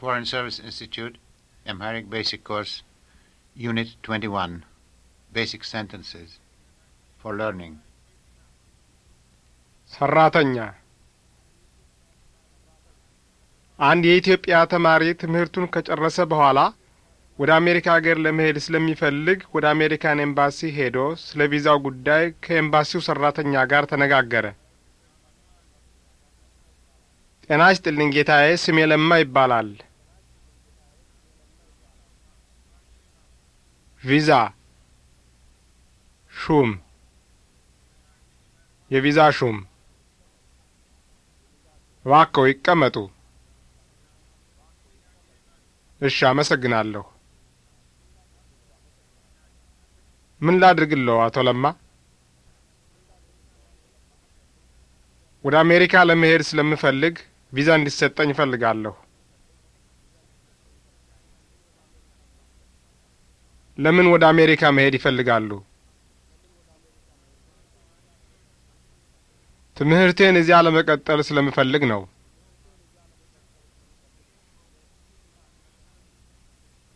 Foreign Service Institute, Amharic Basic Course, Unit 21, Basic Sentences for Learning. ሰራተኛ አንድ የኢትዮጵያ ተማሪ ትምህርቱን ከጨረሰ በኋላ ወደ አሜሪካ ሀገር ለመሄድ ስለሚፈልግ ወደ አሜሪካን ኤምባሲ ሄዶ ስለ ቪዛው ጉዳይ ከኤምባሲው ሰራተኛ ጋር ተነጋገረ። ጤና ይስጥልኝ ጌታዬ፣ ስሜ ለማ ይባላል። ቪዛ ሹም የቪዛ ሹም እባክዎ ይቀመጡ። እሺ፣ አመሰግናለሁ። ምን ላድርግለው አቶ ለማ? ወደ አሜሪካ ለመሄድ ስለምፈልግ ቪዛ እንዲሰጠኝ እፈልጋለሁ። ለምን ወደ አሜሪካ መሄድ ይፈልጋሉ? ትምህርቴን እዚያ ለመቀጠል ስለምፈልግ ነው።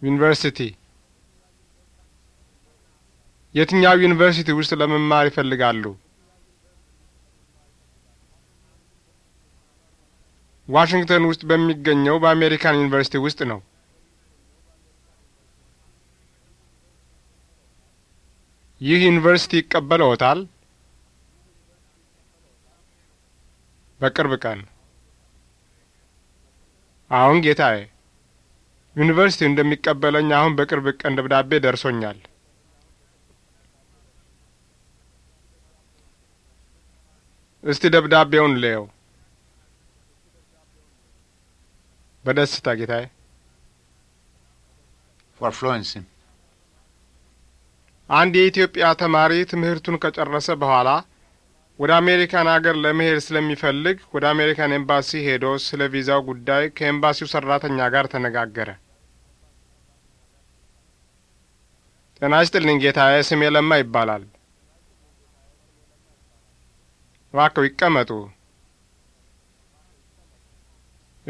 ዩኒቨርሲቲ የትኛው ዩኒቨርሲቲ ውስጥ ለመማር ይፈልጋሉ? ዋሽንግተን ውስጥ በሚገኘው በአሜሪካን ዩኒቨርሲቲ ውስጥ ነው። ይህ ዩኒቨርሲቲ ይቀበለዎታል? በቅርብ ቀን። አሁን ጌታዬ፣ ዩኒቨርስቲ እንደሚቀበለኝ አሁን በቅርብ ቀን ደብዳቤ ደርሶኛል። እስቲ ደብዳቤውን ልየው። በደስታ ጌታዬ። ፎር ፍሎረንስ አንድ የኢትዮጵያ ተማሪ ትምህርቱን ከጨረሰ በኋላ ወደ አሜሪካን አገር ለመሄድ ስለሚፈልግ ወደ አሜሪካን ኤምባሲ ሄዶ ስለ ቪዛው ጉዳይ ከኤምባሲው ሰራተኛ ጋር ተነጋገረ። ጤና ይስጥልኝ ጌታዬ፣ ስሜ ለማ ይባላል። እባክዎ ይቀመጡ።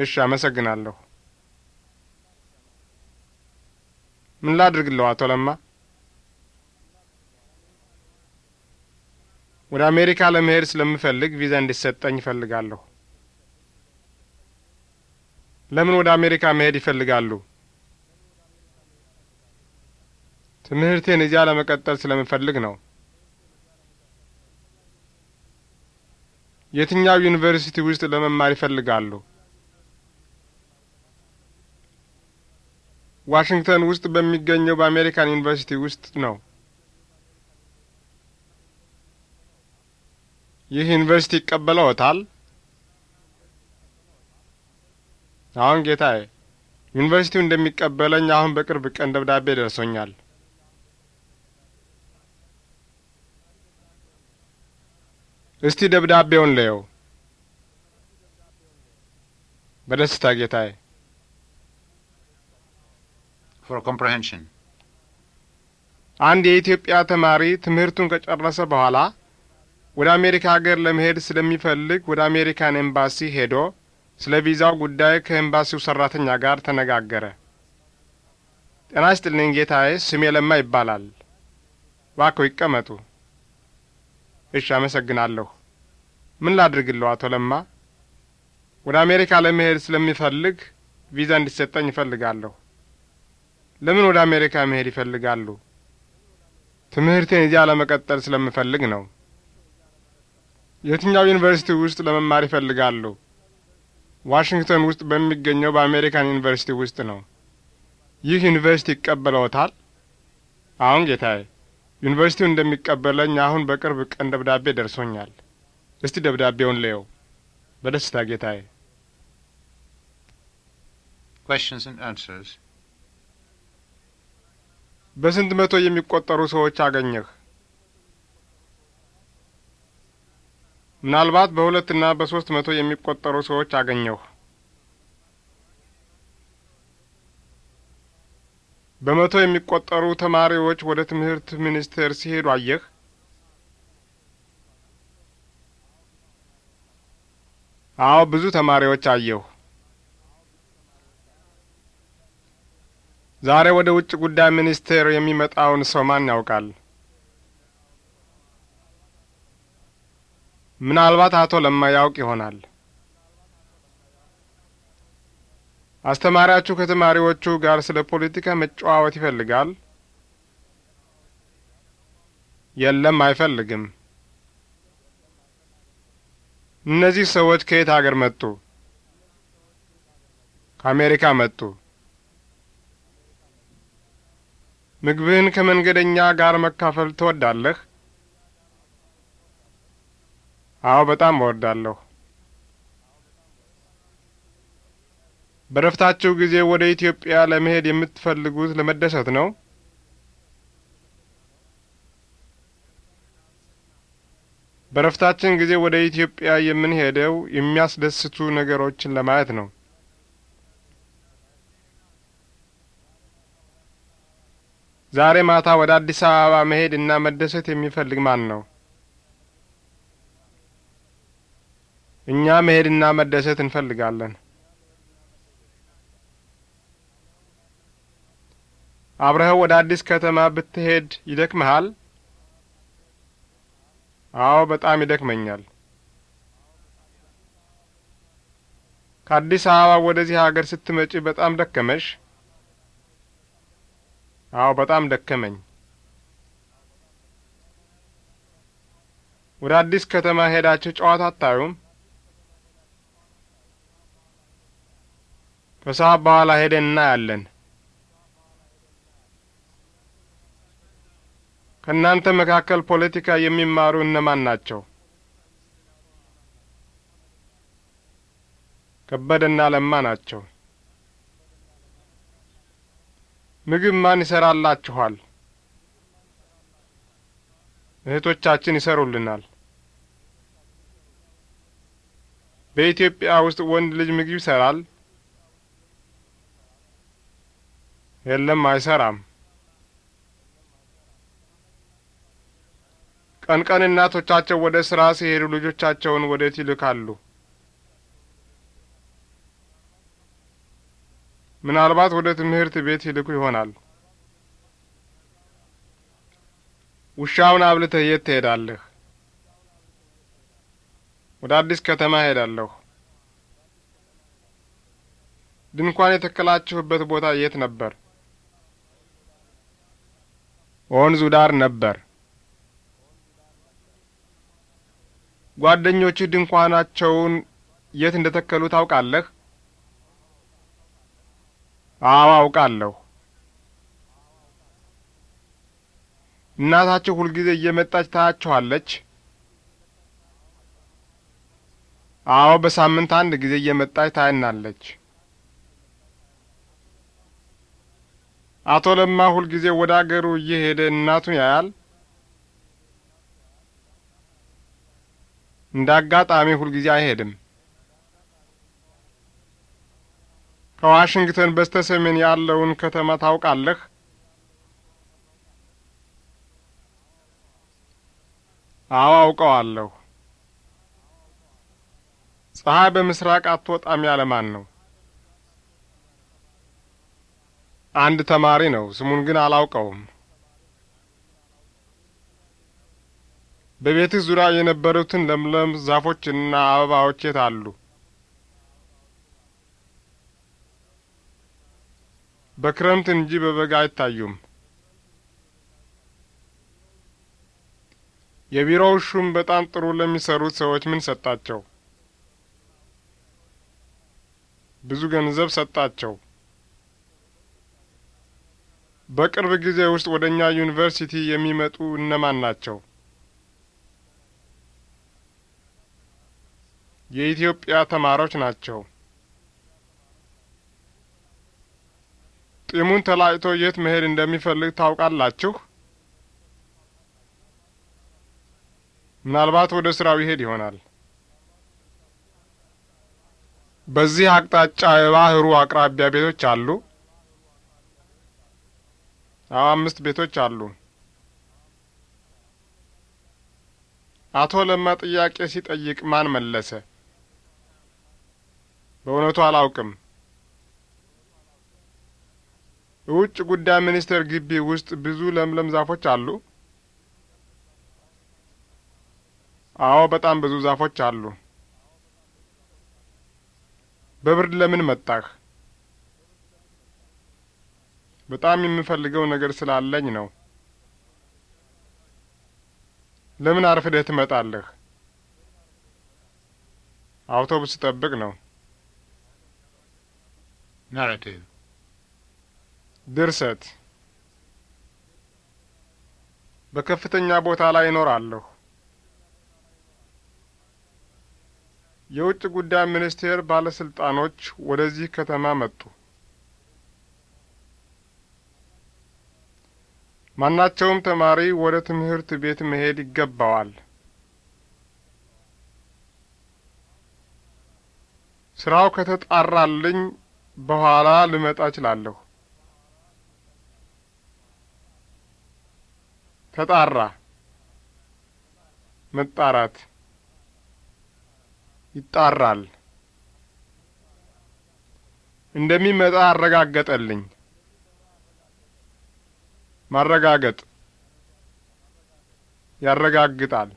እሺ፣ አመሰግናለሁ። ምን ላድርግለሁ አቶ ለማ? ወደ አሜሪካ ለመሄድ ስለምፈልግ ቪዛ እንዲሰጠኝ ይፈልጋለሁ። ለምን ወደ አሜሪካ መሄድ ይፈልጋሉ? ትምህርቴን እዚያ ለመቀጠል ስለምፈልግ ነው። የትኛው ዩኒቨርሲቲ ውስጥ ለመማር ይፈልጋሉ? ዋሽንግተን ውስጥ በሚገኘው በአሜሪካን ዩኒቨርሲቲ ውስጥ ነው። ይህ ዩኒቨርሲቲ ይቀበለዎታል? አሁን ጌታዬ፣ ዩኒቨርሲቲው እንደሚቀበለኝ አሁን በቅርብ ቀን ደብዳቤ ደርሶኛል። እስቲ ደብዳቤውን ለየው። በደስታ ጌታዬ። ፎር አንድ የኢትዮጵያ ተማሪ ትምህርቱን ከጨረሰ በኋላ ወደ አሜሪካ አገር ለመሄድ ስለሚፈልግ ወደ አሜሪካን ኤምባሲ ሄዶ ስለ ቪዛው ጉዳይ ከኤምባሲው ሰራተኛ ጋር ተነጋገረ። ጤና ይስጥልኝ ጌታዬ፣ ስሜ ለማ ይባላል። ባኮ ይቀመጡ። እሺ፣ አመሰግናለሁ። ምን ላድርግለሁ አቶ ለማ? ወደ አሜሪካ ለመሄድ ስለሚፈልግ ቪዛ እንዲሰጠኝ ይፈልጋለሁ። ለምን ወደ አሜሪካ መሄድ ይፈልጋሉ? ትምህርቴን እዚያ ለመቀጠል ስለምፈልግ ነው። የትኛው ዩኒቨርሲቲ ውስጥ ለመማር ይፈልጋሉ? ዋሽንግተን ውስጥ በሚገኘው በአሜሪካን ዩኒቨርሲቲ ውስጥ ነው። ይህ ዩኒቨርሲቲ ይቀበለዎታል? አሁን ጌታዬ፣ ዩኒቨርሲቲው እንደሚቀበለኝ አሁን በቅርብ ቀን ደብዳቤ ደርሶኛል። እስቲ ደብዳቤውን ለየው። በደስታ ጌታዬ። በስንት መቶ የሚቆጠሩ ሰዎች አገኘህ? ምናልባት በሁለትና በሶስት መቶ የሚቆጠሩ ሰዎች አገኘሁ። በመቶ የሚቆጠሩ ተማሪዎች ወደ ትምህርት ሚኒስቴር ሲሄዱ አየህ። አዎ፣ ብዙ ተማሪዎች አየሁ። ዛሬ ወደ ውጭ ጉዳይ ሚኒስቴር የሚመጣውን ሰው ማን ያውቃል? ምናልባት አቶ ለማ ያውቅ ይሆናል። አስተማሪያችሁ ከተማሪዎቹ ጋር ስለ ፖለቲካ መጨዋወት ይፈልጋል? የለም፣ አይፈልግም። እነዚህ ሰዎች ከየት አገር መጡ? ከአሜሪካ መጡ። ምግብህን ከመንገደኛ ጋር መካፈል ትወዳለህ? አዎ በጣም እወዳለሁ። በረፍታችሁ ጊዜ ወደ ኢትዮጵያ ለመሄድ የምትፈልጉት ለመደሰት ነው? በረፍታችን ጊዜ ወደ ኢትዮጵያ የምንሄደው የሚያስደስቱ ነገሮችን ለማየት ነው። ዛሬ ማታ ወደ አዲስ አበባ መሄድ እና መደሰት የሚፈልግ ማን ነው? እኛ መሄድና መደሰት እንፈልጋለን። አብረኸው ወደ አዲስ ከተማ ብትሄድ ይደክመሃል? አዎ፣ በጣም ይደክመኛል። ከአዲስ አበባ ወደዚህ አገር ስትመጪ በጣም ደከመሽ? አዎ፣ በጣም ደከመኝ። ወደ አዲስ ከተማ ሄዳችሁ ጨዋታ አታዩም? ከሰዓት በኋላ ሄደን እናያለን። ከእናንተ መካከል ፖለቲካ የሚማሩ እነማን ናቸው? ከበደና ለማ ናቸው። ምግብ ማን ይሰራላችኋል? እህቶቻችን ይሰሩልናል። በኢትዮጵያ ውስጥ ወንድ ልጅ ምግብ ይሰራል? የለም አይሰራም። ቀን ቀን እናቶቻቸው ወደ ስራ ሲሄዱ ልጆቻቸውን ወዴት ይልካሉ? ምናልባት ወደ ትምህርት ቤት ይልኩ ይሆናል። ውሻውን አብልተህ የት ትሄዳለህ? ወደ አዲስ ከተማ እሄዳለሁ። ድንኳን የተከላችሁበት ቦታ የት ነበር? ወንዙ ዳር ነበር። ጓደኞችህ ድንኳናቸውን የት እንደ ተከሉ ታውቃለህ? አዎ አውቃለሁ። እናታችሁ ሁልጊዜ እየመጣች ታያችኋለች? አዎ በሳምንት አንድ ጊዜ እየመጣች ታይናለች? አቶ ለማ ሁልጊዜ ወደ አገሩ እየሄደ እናቱን ያያል። እንደ አጋጣሚ ሁልጊዜ አይሄድም። ከዋሽንግተን በስተ ሰሜን ያለውን ከተማ ታውቃለህ? አዎ አውቀዋለሁ። ፀሐይ በምስራቅ አትወጣም ያለማን ነው? አንድ ተማሪ ነው። ስሙን ግን አላውቀውም። በቤትህ ዙሪያ የነበሩትን ለምለም ዛፎችና አበባዎች የት አሉ? በክረምት እንጂ በበጋ አይታዩም። የቢሮው ሹም በጣም ጥሩ ለሚሰሩት ሰዎች ምን ሰጣቸው? ብዙ ገንዘብ ሰጣቸው። በቅርብ ጊዜ ውስጥ ወደ እኛ ዩኒቨርሲቲ የሚመጡ እነማን ናቸው? የኢትዮጵያ ተማሪዎች ናቸው። ጢሙን ተላጭቶ የት መሄድ እንደሚፈልግ ታውቃላችሁ? ምናልባት ወደ ስራው ይሄድ ይሆናል። በዚህ አቅጣጫ የባህሩ አቅራቢያ ቤቶች አሉ? አዎ አምስት ቤቶች አሉ። አቶ ለማ ጥያቄ ሲጠይቅ ማን መለሰ? በእውነቱ አላውቅም። ውጭ ጉዳይ ሚኒስቴር ግቢ ውስጥ ብዙ ለምለም ዛፎች አሉ? አዎ በጣም ብዙ ዛፎች አሉ። በብርድ ለምን መጣህ? በጣም የምፈልገው ነገር ስላለኝ ነው። ለምን አርፍደህ ትመጣለህ? አውቶቡስ ጠብቅ ነው። ናራቲቭ ድርሰት በከፍተኛ ቦታ ላይ እኖራለሁ። የውጭ ጉዳይ ሚኒስቴር ባለስልጣኖች ወደዚህ ከተማ መጡ። ማናቸውም ተማሪ ወደ ትምህርት ቤት መሄድ ይገባዋል። ስራው ከተጣራልኝ በኋላ ልመጣ እችላለሁ። ተጣራ፣ መጣራት፣ ይጣራል። እንደሚመጣ አረጋገጠልኝ። ማረጋገጥ ያረጋግጣል።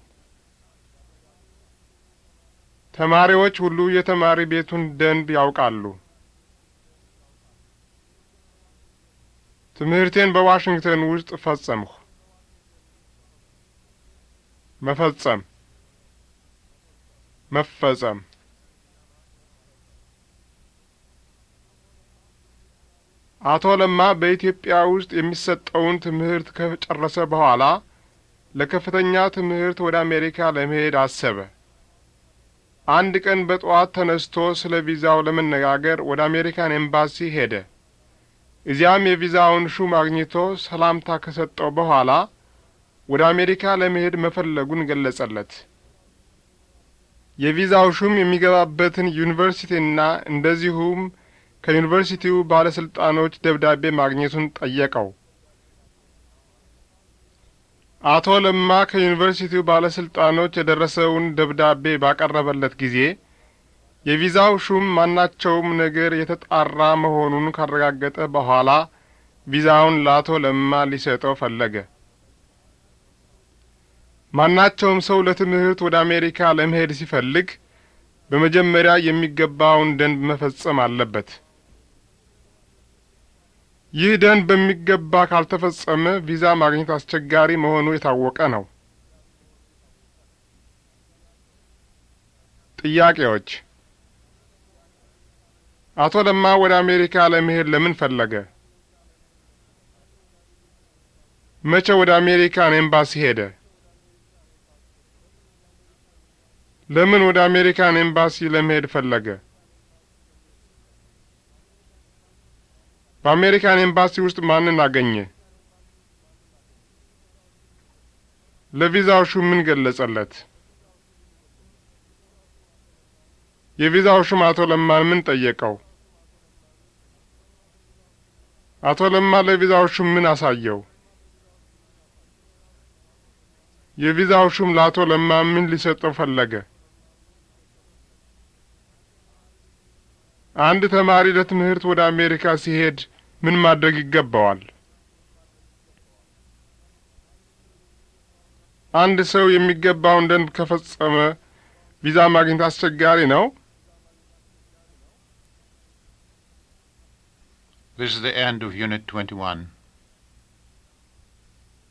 ተማሪዎች ሁሉ የተማሪ ቤቱን ደንብ ያውቃሉ። ትምህርቴን በዋሽንግተን ውስጥ ፈጸምሁ። መፈጸም መፈጸም አቶ ለማ በኢትዮጵያ ውስጥ የሚሰጠውን ትምህርት ከጨረሰ በኋላ ለከፍተኛ ትምህርት ወደ አሜሪካ ለመሄድ አሰበ። አንድ ቀን በጠዋት ተነስቶ ስለ ቪዛው ለመነጋገር ወደ አሜሪካን ኤምባሲ ሄደ። እዚያም የቪዛውን ሹም አግኝቶ ሰላምታ ከሰጠው በኋላ ወደ አሜሪካ ለመሄድ መፈለጉን ገለጸለት። የቪዛው ሹም የሚገባበትን ዩኒቨርሲቲና እንደዚሁም ከዩኒቨርሲቲው ባለስልጣኖች ደብዳቤ ማግኘቱን ጠየቀው። አቶ ለማ ከዩኒቨርሲቲው ባለስልጣኖች የደረሰውን ደብዳቤ ባቀረበለት ጊዜ የቪዛው ሹም ማናቸውም ነገር የተጣራ መሆኑን ካረጋገጠ በኋላ ቪዛውን ለአቶ ለማ ሊሰጠው ፈለገ። ማናቸውም ሰው ለትምህርት ወደ አሜሪካ ለመሄድ ሲፈልግ በመጀመሪያ የሚገባውን ደንብ መፈጸም አለበት። ይህ ደን በሚገባ ካልተፈጸመ ቪዛ ማግኘት አስቸጋሪ መሆኑ የታወቀ ነው። ጥያቄዎች አቶ ለማ ወደ አሜሪካ ለመሄድ ለምን ፈለገ? መቼ ወደ አሜሪካን ኤምባሲ ሄደ? ለምን ወደ አሜሪካን ኤምባሲ ለመሄድ ፈለገ? በአሜሪካን ኤምባሲ ውስጥ ማንን አገኘ? ለቪዛው ሹም ምን ገለጸለት? የቪዛው ሹም አቶ ለማን ምን ጠየቀው? አቶ ለማ ለቪዛው ሹም ምን አሳየው? የቪዛው ሹም ለአቶ ለማ ምን ሊሰጠው ፈለገ? አንድ ተማሪ ለትምህርት ወደ አሜሪካ ሲሄድ ምን ማድረግ ይገባዋል? አንድ ሰው የሚገባውን ደንብ ከፈጸመ ቪዛ ማግኘት አስቸጋሪ ነው? This is the end of Unit 21.